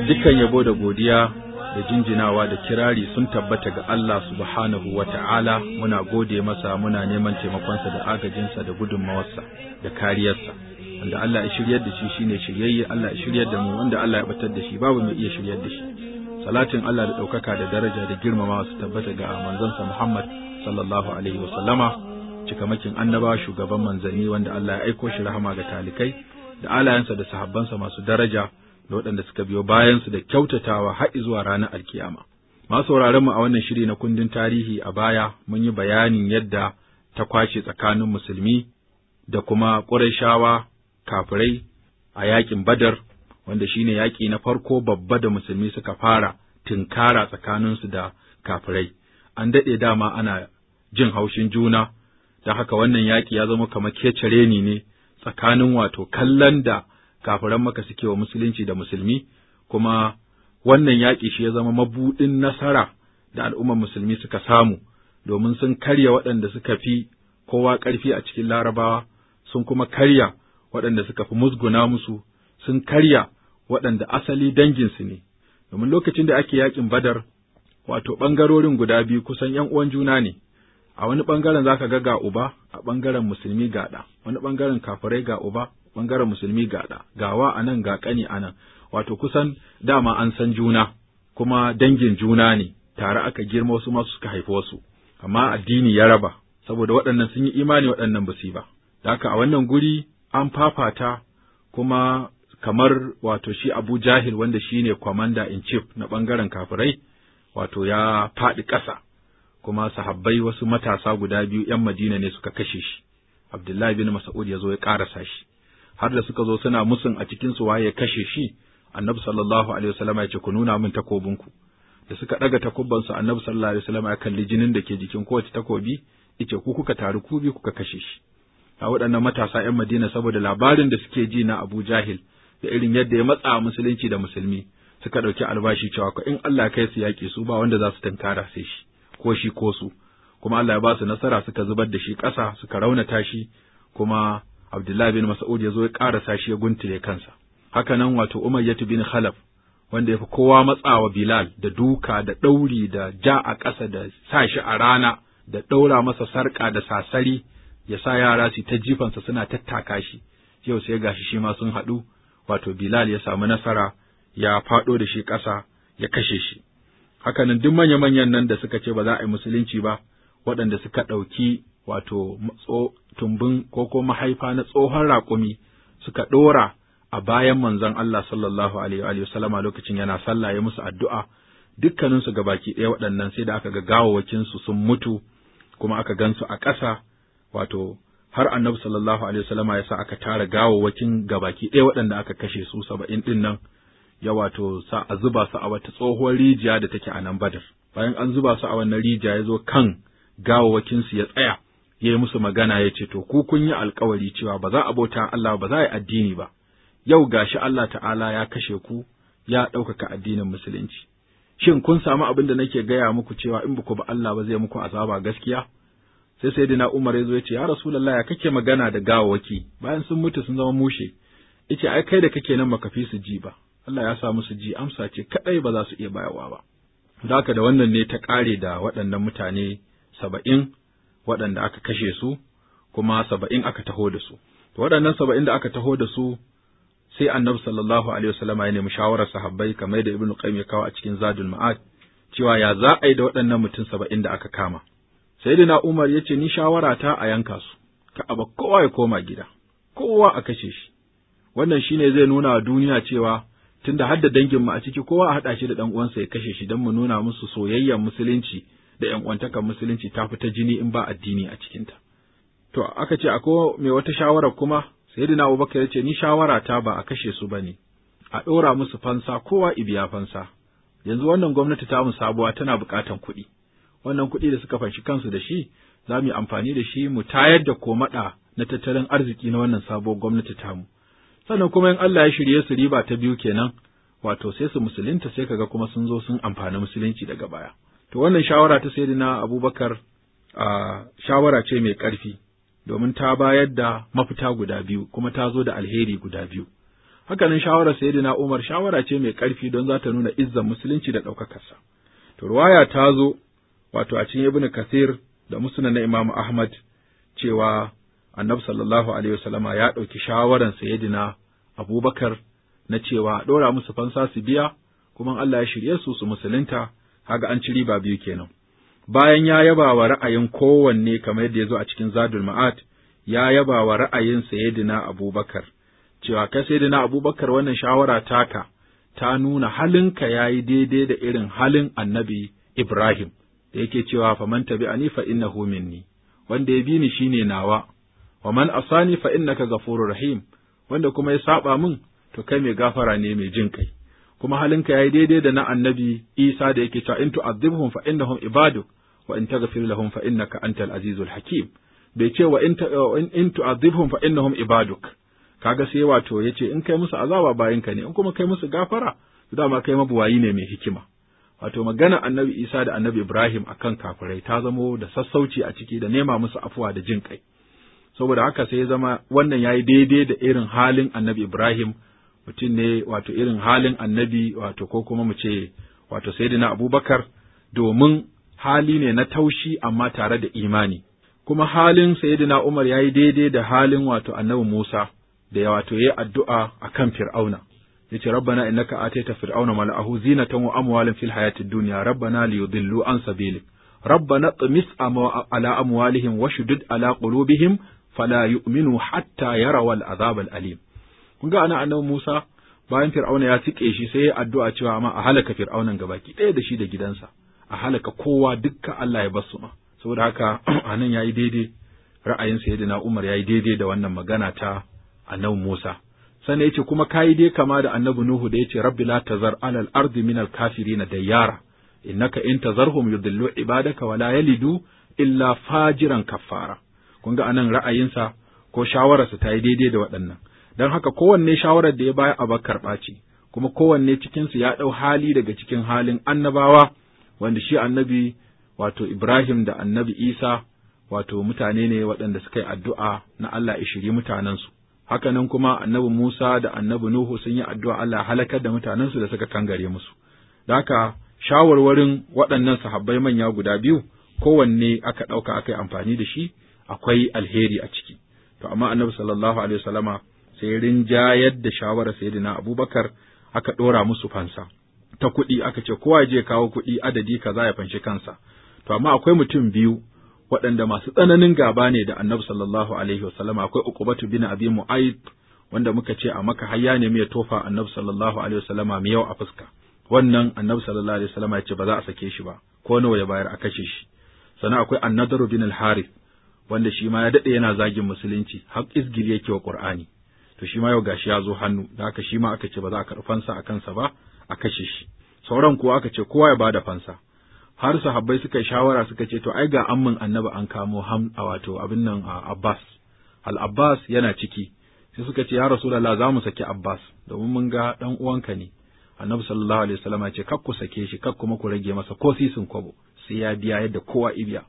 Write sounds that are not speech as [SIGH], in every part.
dukan yabo da godiya da jinjinawa da kirari sun tabbata ga Allah subhanahu wa ta'ala muna gode masa muna neman taimakonsa da agajinsa da gudunmawarsa da kariyarsa. Wanda Allah ya shiryar da shi shine shiryayye Allah ya shiryar da mu wanda Allah ya batar da shi babu mai iya shiryar da shi. Salatin Allah da ɗaukaka da daraja da girmama su tabbata ga manzansa Muhammad sallallahu alaihi wa cikamakin annaba shugaban manzanni wanda Allah ya aiko shi rahama ga talikai da alayansa da sahabbansa masu daraja da waɗanda suka biyo bayansu da kyautatawa har zuwa ranar alkiyama. Masu mu a wannan shiri na kundin tarihi a baya mun yi bayanin yadda ta kwashe tsakanin musulmi da kuma ƙurashawa kafirai a yaƙin Badar, wanda shine yaƙi na farko babba da musulmi suka fara tunkara tsakaninsu da kafirai. An daɗe dama ana jin haushin juna, don haka wannan yaƙi ya zama kamar kecereni ne tsakanin wato kallon da kafiran maka suke wa musulunci da musulmi kuma wannan yaƙi shi ya zama mabuɗin nasara da al'ummar musulmi suka samu domin sun karya waɗanda suka fi kowa ƙarfi a cikin larabawa sun kuma karya waɗanda suka fi musguna musu sun karya waɗanda asali danginsu ne domin lokacin da ake yaƙin badar wato ɓangarorin guda biyu kusan ‘yan uwan juna ne, a wani ɓangaren za ka ga ga uba, a ɓangaren musulmi ga ɗa, wani ɓangaren kafirai ga uba, Bangaren musulmi gaɗa, gawa a nan ga ƙani a nan, wato kusan dama an san juna, kuma dangin juna ne, tare aka girma wasu masu suka haifi wasu, amma addini ya raba, saboda waɗannan sun yi imani waɗannan ba ba. Daka a wannan guri an fafata kuma kamar wato shi Abu Jahil wanda shi ne kwamanda in chief na ɓangaren kafirai, wato ya faɗi ƙasa, kuma sahabbai wasu matasa guda biyu ‘yan Madina ne suka kashe shi, Abdullahi bin Mas'ud ya zo ya ƙarasa shi. har da suka zo suna musun a cikin su waye kashe shi annabi sallallahu alaihi wasallam ya ce ku nuna min takobin ku. da suka daga takobban su annabi sallallahu alaihi wasallam ya kalli jinin da ke jikin kowace takobi yace ku kuka taru ku bi kuka kashe shi a waɗannan matasa 'yan Madina saboda labarin da suke ji na Abu Jahil da irin yadda ya matsa musulunci da musulmi suka ɗauki albashi cewa ko in Allah kai su yaƙi su ba wanda za su tankara sai shi ko shi ko su kuma Allah ya ba su nasara suka zubar da shi ƙasa suka raunata shi kuma Abdullahi bin Mas'ud ya zo ya ƙarasa shi ya guntule kansa. Haka nan wato Umayyatu bin Khalaf wanda ya fi kowa matsawa Bilal da duka da ɗauri da ja a ƙasa da sa shi a rana da ɗaura masa sarƙa da sasari ya sa yara su ta jifansa suna tattaka shi. Yau sai gashi shi ma sun haɗu wato Bilal ya samu nasara ya faɗo da shi ƙasa ya kashe shi. Haka nan duk manya-manyan nan da suka ce ba za a yi musulunci ba waɗanda suka ɗauki wato tumbin ko ko mahaifa na tsohon raƙumi suka ɗora a bayan manzon Allah sallallahu alaihi wa sallama lokacin yana sallah ya musu addu'a dukkaninsu baki ɗaya waɗannan sai da aka ga gawawakinsu sun mutu kuma aka gansu a ƙasa wato har annabi sallallahu alaihi wasallama ya sa aka tara gawawakin gabaki ɗaya waɗanda aka kashe su saba'in ɗin nan ya wato sa a zuba su a wata tsohuwar rijiya da take a nan badar bayan an zuba su a wannan rijiya ya zo kan gawawakin su ya tsaya ya yi musu magana ya ce, To, ku kun yi alkawari cewa ba za a bauta Allah ba za a yi addini ba, yau gashi Allah ta'ala ya kashe ku ya ɗaukaka addinin musulunci. Shin kun samu abin da nake gaya muku cewa in ba ku ba Allah ba zai muku azaba gaskiya? Sai sai dina Umar ya zo ya ce, Ya Rasulallah ya kake magana da gawawaki bayan sun mutu sun zama mushe. Ice, ai kai da kake nan makafi su ji ba. Allah ya sa musu ji amsa ce kaɗai ba za su iya bayarwa ba. Da da wannan ne ta ƙare da waɗannan mutane saba'in waɗanda aka kashe su kuma saba'in aka taho da su. Waɗannan saba'in da aka taho da su sai annabi sallallahu alaihi mu ya nemi shawarar sahabbai kamar da Ibn qayyim ya kawo a cikin zadul ma'ad cewa ya za a yi da waɗannan mutum saba'in da aka kama sayyidina umar ya ce ni shawara ta a yanka su ka aba kowa ya koma gida kowa a kashe shi wannan shi ne zai nuna wa duniya cewa tun da har dangin mu a ciki kowa a haɗa shi da ɗan uwansa ya kashe shi don mu nuna musu soyayyar musulunci da ‘yan musulunci ta fi jini in ba addini a cikinta. To, aka ce, akwai mai wata shawara kuma, Sayyidina Abubakar ya ce, Ni shawara ta ba a kashe su ba ne, a ɗora musu fansa kowa ibiya fansa. Yanzu wannan gwamnati ta mu sabuwa tana buƙatan kuɗi. Wannan kuɗi da suka fanshi kansu da shi, za mu yi amfani da shi mu tayar da komaɗa na tattalin arziki na wannan sabuwar gwamnati ta mu. Sannan kuma in Allah ya shirye su riba ta biyu kenan, wato sai su musulunta sai kaga kuma sun zo sun amfana musulunci daga baya. To wannan shawara ta Sayyidina Abubakar a shawara ce mai ƙarfi domin ta bayar da mafita guda biyu kuma ta zo da alheri guda biyu. Hakanan shawarar Sayyidina Umar shawara ce mai ƙarfi don za ta nuna izzan musulunci da ɗaukakarsa. To ruwaya ta zo wato a cikin Ibn Kathir da Musnad na Imam Ahmad cewa Annabi sallallahu alaihi wasallama ya ɗauki shawaran Sayyidina Abubakar na cewa ɗora musu fansa su biya kuma Allah ya shirye su su musulunta haga an ci riba biyu kenan bayan ya yaba wa ra'ayin kowanne kamar yadda ya zo a cikin zadul ma'at ya yaba wa ra'ayin sayyidina abubakar cewa kai sayyidina abubakar wannan shawara taka ta nuna halinka ya yi daidai da irin halin annabi ibrahim da yake cewa faman ani fa innahu minni wanda ya bi ni shine nawa wa man asani fa innaka ghafurur rahim wanda kuma ya saba min to kai mai gafara ne mai jin kai kuma halinka yayi daidai da na annabi Isa da yake cewa in tu'adhibhum fa innahum ibaduk wa in taghfir lahum fa innaka antal azizul hakim bai ce wa in tu'adhibhum fa innahum ibaduk kaga sai wato yace in kai musu azaba bayinka ne in kuma kai musu gafara dama kai mabuwayi ne mai hikima wato magana annabi Isa da annabi Ibrahim akan kafirai ta zamo da sassauci a ciki da nema musu afuwa da jin kai saboda haka sai ya zama wannan yayi daidai da irin halin annabi Ibrahim mutum ne wato irin halin annabi wato ko kuma mu ce wato sayyidina abubakar domin hali ne na taushi amma tare da imani kuma halin sayyidina umar ya yi daidai da halin wato annabi musa da ya wato ya addu'a a kan fir'auna yace rabbana innaka ataita fir'auna mala'ahu zinatan wa amwalan fil hayatid dunya rabbana liyudillu an sabilik rabbana tmis ala amwalihim washdud ala qulubihim fala yu'minu hatta yarawal azabal alim kun ga ana annabi Musa bayan Fir'auna ya tike shi sai ya addu'a cewa ma a halaka Fir'aunan gabaki ɗaya da shi da gidansa a halaka kowa dukkan Allah ya bar su ma saboda haka anan [CLEARS THROAT] yayi daidai ra'ayin sayyidina Umar yayi daidai da wannan magana ta annabi Musa sannan yace kuma kayi dai kama da annabi Nuhu da yace rabbi la tazar alal ardi al kafirin dayyara innaka in tazarhum yudillu ibadaka wala yalidu illa fajiran kafara kun ga anan ra'ayinsa ko shawararsa ta yi daidai da waɗannan don haka kowanne shawarar da ya baya a bakar ce, kuma kowanne cikinsu ya ɗau hali daga cikin halin annabawa, wanda shi annabi wato Ibrahim da annabi Isa wato mutane ne waɗanda suka yi addu'a na Allah ishiri mutanensu. Hakanan kuma annabi Musa da annabi Nuhu sun yi addu'a Allah halakar da mutanensu da suka kangare musu. Da haka shawarwarin waɗannan sahabbai manya guda biyu kowanne aka ɗauka aka yi amfani da shi akwai alheri a ciki. To amma annabi sallallahu alaihi wasallama sai rinjayar da shawarar saidina Abubakar aka ɗora musu fansa ta kuɗi aka ce kowa je kawo kuɗi adadi kaza ya fanshi kansa to amma akwai mutum biyu waɗanda masu tsananin gaba ne da Annabi sallallahu alaihi wasallam akwai ukubatu bin Abi Mu'ayth wanda muka ce a maka hayya ne mai tofa Annabi sallallahu alaihi wasallam mai yau a fuska wannan Annabi sallallahu alaihi wasallam ya ce ba za a sake shi ba ko nawa ya bayar a kashe shi sannan akwai Annadaru bin Al-Harith wanda shi ma ya daɗe yana zagin musulunci har izgil yake wa Qur'ani to shi ma yau gashi ya zo hannu da haka shi ma aka ce ba za a karɓi fansa a kansa ba a kashe shi sauran kuwa aka ce kowa ya bada fansa har sahabbai suka yi shawara suka ce to ai ga ammin annabi an kamo ham a wato abin nan Abbas al Abbas yana ciki sai suka ce ya rasulullah za mu saki Abbas domin mun ga dan uwanka ne annabi sallallahu alaihi wasallam ce kak ku sake shi kak kuma ku rage masa ko sisin kwabo sai ya biya yadda kowa ibiya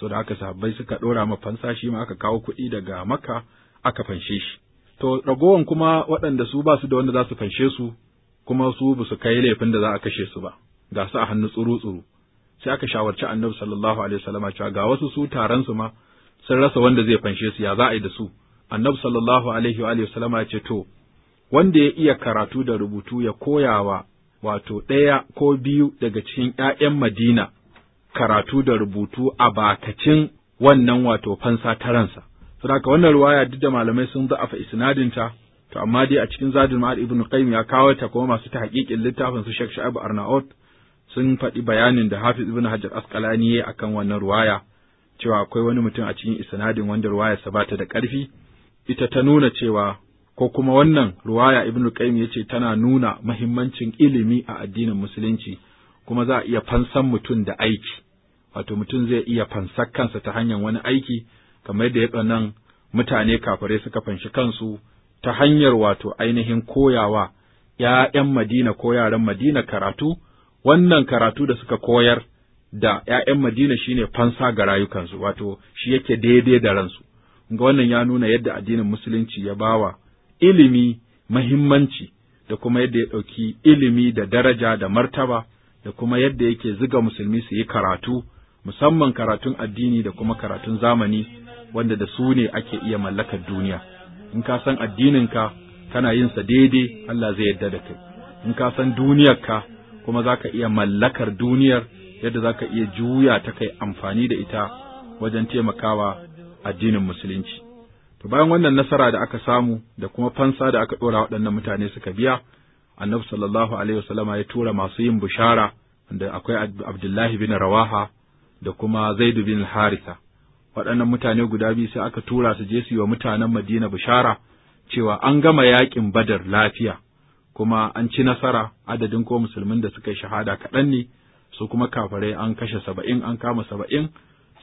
so da haka sahabbai suka ɗora ma fansa shi ma aka kawo kuɗi daga makka aka fanshe shi to ragowan kuma waɗanda su ba su da wanda za su fanshe su kuma su ba su kai laifin da za a kashe su ba ga su a hannu tsuru tsuru sai aka shawarci annabi sallallahu alaihi wasallam cewa ga wasu su taron su ma sun rasa wanda zai fanshe su ya za a yi da su annabi sallallahu alaihi wa wasallam ya ce to wanda ya iya karatu da rubutu ya koyawa wato ɗaya ko biyu daga cikin ’ya'yan Madina karatu da rubutu a bakacin wannan wato fansa ta ransa, Saboda wannan ruwaya duk da malamai sun za'afa isnadin ta to amma dai a cikin Zadul Ma'ad Ibn Qayyim ya kawo ta kuma masu tahqiqin littafin su Sheikh Sha'ib arnaout sun faɗi bayanin da Hafiz Ibn Hajar Asqalani ya akan wannan ruwaya cewa akwai wani mutum a cikin isnadin wanda ruwayarsa ba ta da ƙarfi ita ta nuna cewa ko kuma wannan ruwaya ibnu qayyim yace tana nuna muhimmancin ilimi a addinin musulunci kuma za a iya fansan mutum da aiki wato mutum zai iya fansar kansa ta hanyar wani aiki kamar da ya nan mutane kafare suka fanshi kansu ta hanyar wato ainihin koyawa ‘ya'yan Madina ko yaran Madina karatu, wannan karatu da suka koyar da ‘ya'yan Madina shine fansa ga rayukansu, wato shi yake daidai da ransu. Ga wannan ya nuna yadda addinin Musulunci ya bawa ilimi mahimmanci da kuma yadda ya ɗauki ilimi da daraja da martaba da kuma yadda yake ziga musulmi su yi karatu musamman karatun addini da kuma karatun zamani wanda da su ne ake iya mallakar duniya in ka san addininka kana yin sa daidai Allah zai yarda da kai in ka san duniyarka kuma zaka iya mallakar duniyar yadda zaka iya juya ta kai amfani da ita wajen taimakawa addinin musulunci to bayan wannan nasara da aka samu da kuma fansa da aka ɗora waɗannan mutane suka biya annabi sallallahu alaihi wasallama ya tura masu yin bushara da akwai Abdullahi bin Rawaha da kuma Zaidu bin Harisa. Waɗannan mutane guda biyu sai aka tura su je su yi wa mutanen Madina bishara cewa an gama yaƙin Badar lafiya, kuma an ci nasara adadin ko musulmin da suka yi shahada kaɗan ne, su kuma kafirai an kashe saba'in an kama saba'in,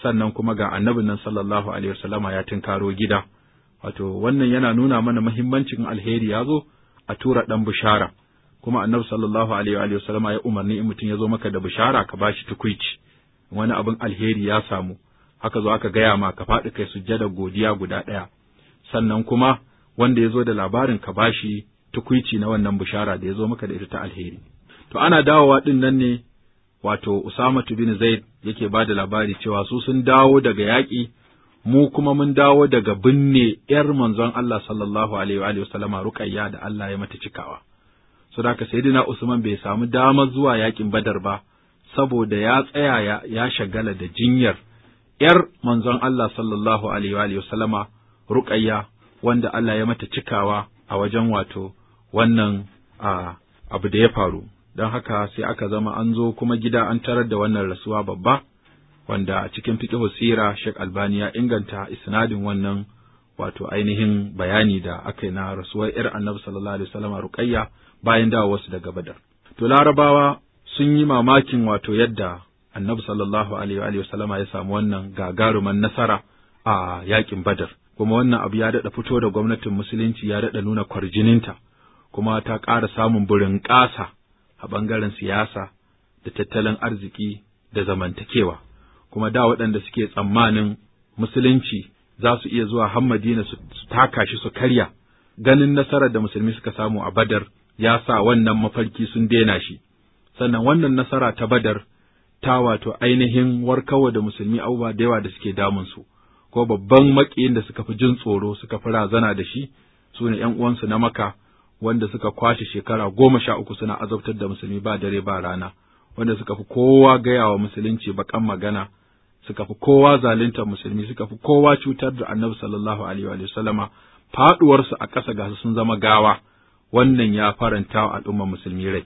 sannan kuma ga annabin nan sallallahu alaihi wasallama ya tunkaro gida. Wato wannan yana nuna mana muhimmancin alheri ya zo a tura ɗan bishara. kuma annabi sallallahu alaihi wa ya umarni in mutum ya zo maka da bishara ka bashi tukuici wani abin alheri ya samu haka zo aka gaya ma ka faɗi kai sujjada godiya guda ɗaya sannan kuma wanda ya zo da labarin ka bashi tukuici na wannan bishara da ya zo maka da ita ta alheri to ana dawowa ɗin nan ne wato Usama bin Zaid yake ba da labari cewa su sun dawo daga yaƙi mu kuma mun dawo daga binne ‘yar manzon Allah sallallahu Alaihi wa ruƙayya da Allah ya mata cikawa. So da Sayyidina Usman bai samu damar zuwa yaƙin Badar ba, saboda ya tsaya ya shagala da jinyar ‘yar manzon Allah sallallahu Alaihi wasallama ruƙayya wanda Allah ya mata cikawa a wajen wato wannan abu da ya faru, don haka sai aka zama an zo kuma gida an tarar da wannan rasuwa babba, wanda a cikin fiƙihu sira Sheikh Albani ya inganta isnadin wannan wato ainihin bayani da aka yi na rasuwar ‘yar annabi sallallahu Alaihi wasallama ruƙayya bayan dawo dawowarsu daga Badar. To larabawa sun yi mamakin wato yadda annabi sallallahu alaihi wa sallama ya samu wannan gagaruman nasara a yakin badar kuma wannan abu ya daɗa fito da gwamnatin musulunci ya daɗa nuna kwarjininta kuma ta ƙara samun burin ƙasa a ɓangaren siyasa da tattalin arziki da zamantakewa kuma da waɗanda suke tsammanin musulunci za su iya zuwa hammadina su taka shi su karya ganin nasarar da musulmi suka samu a Badar ya sa wannan mafarki sun daina shi sannan wannan nasara ta badar ta wato ainihin warkarwa da musulmi abubuwa da yawa da suke damunsu ko babban makiyin da suka fi jin tsoro suka fi razana da shi su ne ‘yan uwansu na maka wanda suka kwashe shekara goma sha uku suna azabtar da musulmi ba dare ba rana wanda suka fi kowa gaya wa musulunci baƙan magana suka fi kowa zaluntar musulmi suka fi kowa cutar da annabi sallallahu alaihi wa sallama faɗuwarsu a ƙasa ga sun zama gawa wannan ya faranta wa al'ummar musulmi rai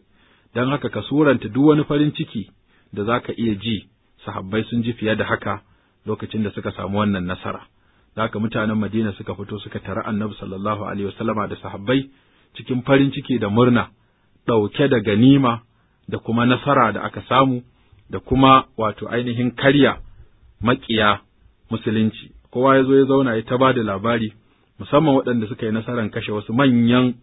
don haka ka suranta duk wani farin ciki da za ka iya ji, sahabbai sun ji fiye da haka lokacin da suka samu wannan nasara. Zaka mutanen Madina suka fito suka tara annabi sallallahu alaihi wasallama da sahabbai cikin farin ciki da murna, ɗauke da ganima da kuma nasara da aka samu da kuma wato ainihin karya maƙiya musulunci. Kowa ya zo ya zauna ya ta ba da labari, musamman waɗanda suka yi nasarar kashe wasu manyan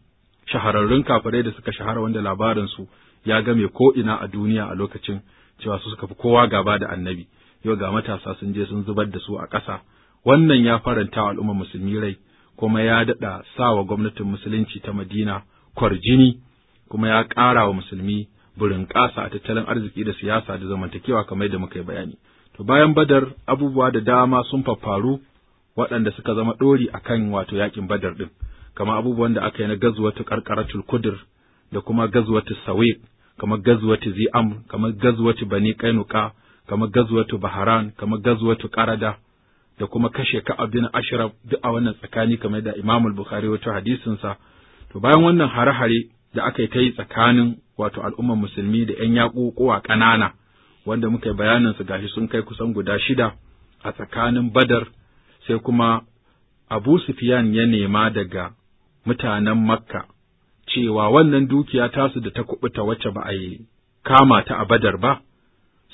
shahararrun kafirai da suka shahara wanda labarinsu ya game ko ina a duniya a lokacin cewa su suka fi kowa gaba da annabi yau ga matasa sun je sun zubar da su a ƙasa wannan ya faranta wa al'ummar musulmi rai kuma ya daɗa sawa gwamnatin musulunci ta Madina kwarjini kuma ya ƙara wa musulmi burin ƙasa a tattalin arziki da siyasa da zamantakewa kamar da muka yi bayani. To bayan Badar abubuwa da dama sun faffaru waɗanda suka zama ɗori a kan wato yaƙin Badar ɗin, kamar abubuwan da aka yi na gazuwar karkaratul kudur da kuma gazuwatu sawiq kamar gazwatu ziam, kamar gazwatu bani kainuka kamar gazwatu baharan kamar gazwatu karada, da kuma kashe ka abin ashraf duk a wannan tsakani kamar da imamul bukhari wato hadisin sa to bayan wannan hare-hare da aka yi ta yi tsakanin wato al'ummar musulmi da ‘yan yaƙuƙuwa ƙanana, wanda muka yi bayanin su gashi sun kai kusan guda shida a tsakanin Badar, sai kuma Abu Sufyan ya nema daga mutanen Makka cewa wannan dukiya tasu da ta kuɓuta wacce ba a yi kama ta abadar ba,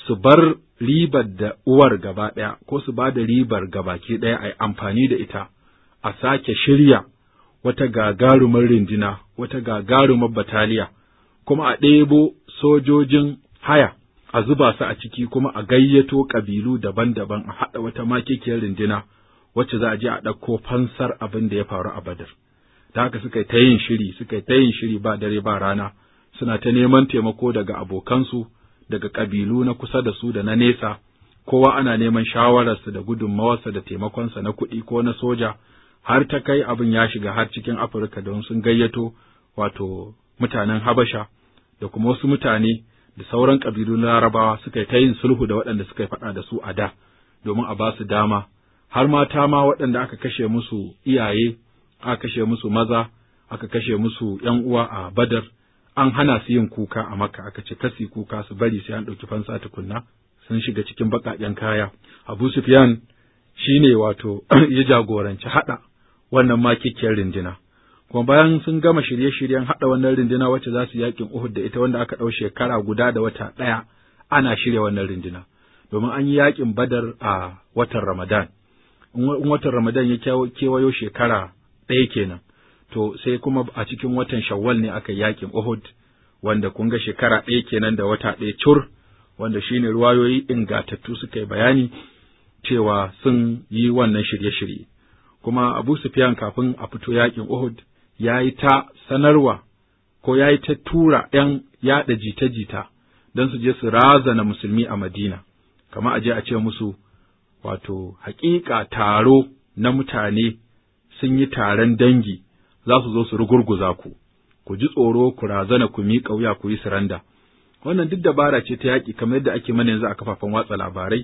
su bar ribar da uwar gaba ɗaya ko su ba da ribar gabaki ɗaya a yi amfani da ita, a sake shirya wata gagarumar rindina, wata gagarumar bataliya, kuma a ɗebo sojojin haya, a zuba su a ciki kuma a gayyato ƙabilu daban-daban a haɗa wata makikiyar rindina, wacce za a je a ɗauko fansar abin da ya faru a Badar. da haka suka yi ta yin shiri suka ta yin shiri ba dare ba rana suna ta neman taimako daga abokansu daga kabilu na kusa da su da na nesa kowa ana neman shawararsa da gudunmawarsa da taimakonsa na kuɗi ko na soja har ta kai abin ya shiga har cikin Afirka don sun gayyato wato mutanen Habasha da kuma wasu mutane da sauran kabilu na Larabawa suka ta yin sulhu da waɗanda suka faɗa da su a da domin a ba su dama har mata ma waɗanda aka kashe musu iyaye A kashe musu maza aka kashe musu ‘yan uwa a Badar, an hana su yin kuka a Makka aka ce kasi kuka su bari sai an ɗauki fansa tukunna sun shiga cikin baƙaƙen kaya. Abu Sufyan shi ne wato [CLEARS THROAT] ya jagoranci haɗa wannan makikiyar rindina. Kuma bayan sun gama shirye-shiryen haɗa wannan rindina wacce za su yakin Uhud da ita wanda aka ɗau shekara guda da wata ɗaya ana shirya wannan rindina. Domin an yi yaƙin Badar a watan Ramadan. In watan Ramadan ya kewayo shekara ɗaya kenan to sai kuma a cikin watan shawwal ne aka yakin Uhud wanda kun ga shekara ɗaya kenan da wata ɗaya cur wanda shine ruwayoyi ingatattu suka yi bayani cewa sun yi wannan shirye-shirye kuma Abu Sufyan kafin a fito yakin Uhud ya yi ta sanarwa ko ya yi ta tura ‘yan yaɗa jita-jita don su je su razana musulmi a Madina, kamar a je a ce musu, wato, haƙiƙa taro na mutane sun yi taron dangi za su zo su rugurguza ku ku ji tsoro ku razana ku miƙa wuya ku yi suranda wannan duk dabara ce ta yaƙi kamar yadda ake mana yanzu a kafafen watsa labarai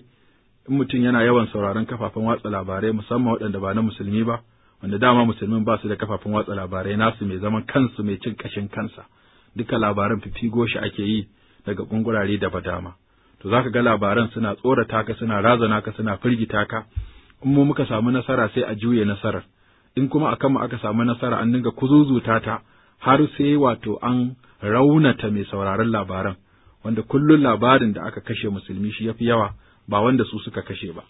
in mutum yana yawan sauraron kafafen watsa labarai musamman waɗanda ba na musulmi ba wanda dama musulmin ba su da kafafen watsa labarai nasu mai zaman kansu mai cin kashin kansa duka labaran fifigo shi ake yi daga bangurare da ba dama to zaka ga labaran suna tsorata ka suna razana ka suna firgita ka in mu muka samu nasara sai a juye nasarar in kuma akan mu aka samu nasara an dinga kuzuzuta ta har sai wato an raunata mai sauraron labaran wanda kullun labarin da aka kashe musulmi shi yafi yawa ba wanda su suka kashe ba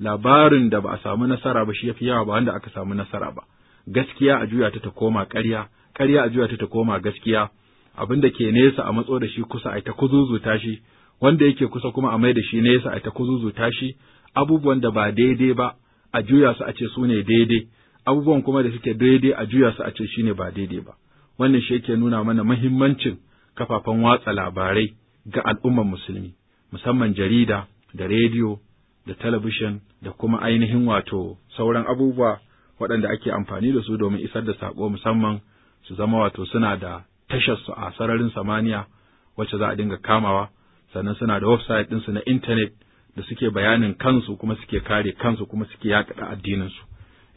labarin da ba a samu nasara ba shi yafi yawa ba wanda aka samu nasara ba gaskiya a juya ta ta koma ƙarya ƙarya a juya ta ta koma gaskiya abin da ke nesa a matso da shi kusa a ta kuzuzuta shi wanda yake kusa kuma a mai da shi nesa a ta kuzuzuta shi abubuwan da ba daidai ba a juya su a ce su ne daidai abubuwan kuma da suke daidai a juya su a ce shine ba daidai ba wannan shi yake nuna mana mahimmancin kafafen watsa labarai ga al'ummar musulmi musamman jarida da rediyo da talabishin da kuma ainihin wato sauran abubuwa waɗanda ake amfani da su domin isar da saƙo musamman su zama wato suna da tashar su a sararin samaniya wacce za a dinga kamawa sannan suna da website ɗinsu na intanet da suke bayanin kansu kuma suke kare kansu kuma suke addinin addininsu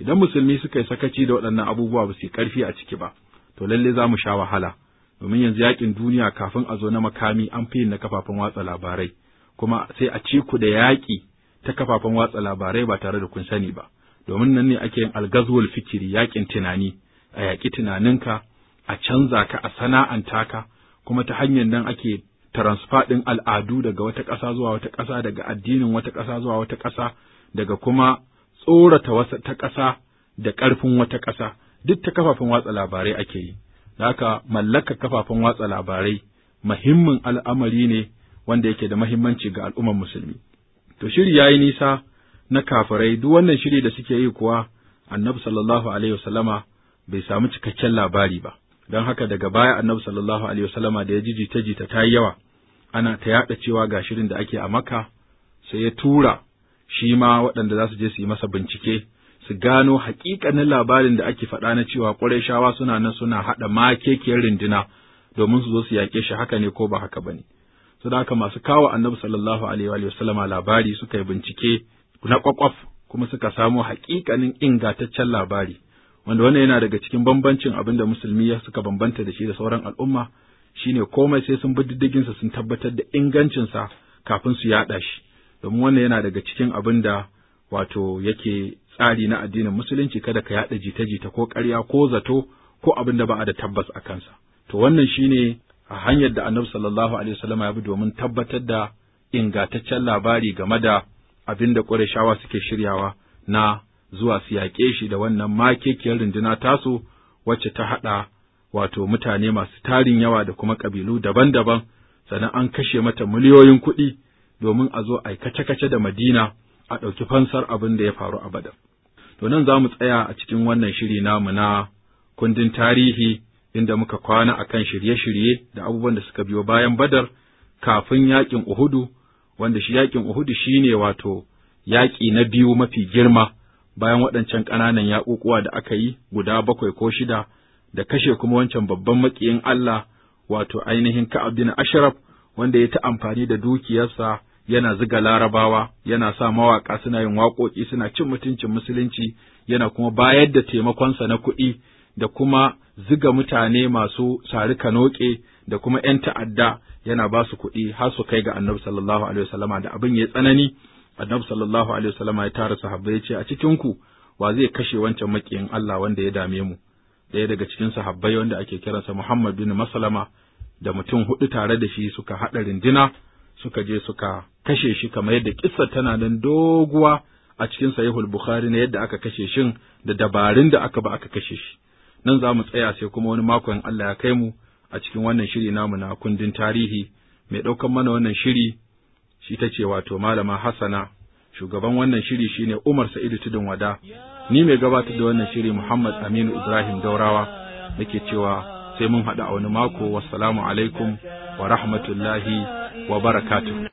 idan musulmi suka yi sakaci da waɗannan abubuwa ba su yi ƙarfi a ciki ba to lalle za mu sha wahala domin yanzu yaƙin duniya kafin a zo na makami an fi yin na kafafen watsa labarai kuma sai a ci ku da yaƙi ta kafafen watsa labarai ba tare da kun sani ba domin nan ne ake yin algazuwar fikiri yaƙin tunani a yaƙi tunaninka a canza ka a sana'anta ka kuma ta hanyar nan ake transfer ɗin al'adu daga wata ƙasa zuwa wata ƙasa daga addinin wata ƙasa zuwa wata ƙasa daga kuma tsorata wasa ta ƙasa da ƙarfin wata ƙasa duk ta kafafen watsa labarai ake yi haka mallaka kafafen watsa labarai muhimmin al'amari ne wanda yake da mahimmanci ga al'ummar musulmi to shiri yayi nisa na kafirai duk wannan shiri da suke yi kuwa annabi sallallahu alaihi wasallama bai samu cikakken labari ba don haka daga baya annabi sallallahu alaihi wasallama da ya ji jita jita ta yi yawa ana ta yaɗa cewa ga shirin da ake a maka sai ya tura shi ma waɗanda za su je su yi masa bincike su gano haƙiƙanin labarin da ake faɗa na cewa ƙwarai shawa suna nan suna haɗa makekiyar rindina domin su zo su yaƙe shi haka ne ko ba haka ba ne. Su da haka masu kawo annabi sallallahu alaihi wa sallama labari suka yi bincike na ƙwaƙwaf kuma suka samo haƙiƙanin ingantaccen labari. Wanda wannan yana daga cikin bambancin abin da musulmi ya suka bambanta da shi da sauran al'umma shine komai sai sun bi diddiginsa sun tabbatar da ingancinsa kafin su yaɗa shi. domin wannan yana daga cikin abin da wato yake tsari na addinin musulunci kada ka yaɗa jita-jita ko ƙarya ko zato ko abin da ba a da tabbas a kansa to wannan shi ne a hanyar da annabi sallallahu alaihi wasallam ya bi domin tabbatar da ingantaccen labari game da abin da shawa suke shiryawa na zuwa su yaƙe shi da wannan makekiyar runduna tasu wacce ta haɗa wato mutane masu tarin yawa da kuma ƙabilu daban-daban sannan an kashe mata miliyoyin kuɗi domin a zo a kace-kace da Madina a ɗauki fansar abin da ya faru a Badar. To nan za mu tsaya a cikin wannan shiri namu na kundin tarihi inda muka kwana akan shirye-shirye da abubuwan da suka biyo bayan Badar kafin yaƙin Uhudu, wanda shi yaƙin Uhudu shi ne wato yaƙi na biyu mafi girma bayan waɗancan ƙananan yaƙuƙuwa da aka yi guda bakwai ko shida da kashe kuma wancan babban maƙiyin Allah wato ainihin Ka'ab bin Ashraf wanda ya ta amfani da dukiyarsa yana ziga larabawa, yana sa mawaƙa suna yin waƙoƙi suna cin mutuncin musulunci, yana kuma bayar da taimakonsa na kuɗi da kuma ziga mutane masu sari kanoƙe da kuma ‘yan ta'adda yana ba su kuɗi har su kai ga annabi sallallahu alaihi wasallama da abin ya tsanani. Annabi sallallahu alaihi wasallama ya tara sahabbai ya ce a cikin ku wa zai kashe wancan maƙiyin Allah wanda ya dame mu. Ɗaya daga cikin sahabbai wanda ake kiransa Muhammad bin Maslama da mutum huɗu tare da shi suka haɗa rindina suka je suka kashe shi kamar yadda kissa tana nan doguwa a cikin sahihul bukhari na yadda aka kashe shin da dabarun da aka ba aka kashe shi nan za mu tsaya sai kuma wani makon Allah ya kai mu a cikin wannan shiri namu na kundin tarihi mai ɗaukan mana wannan shiri shi ta ce wato malama Hassana shugaban wannan shiri shine Umar Sa'idu Tudun Wada ni mai gabatar da wannan shiri Muhammad Aminu Ibrahim Daurawa nake cewa sai mun haɗu a wani mako wassalamu alaikum wa rahmatullahi wa barakatuh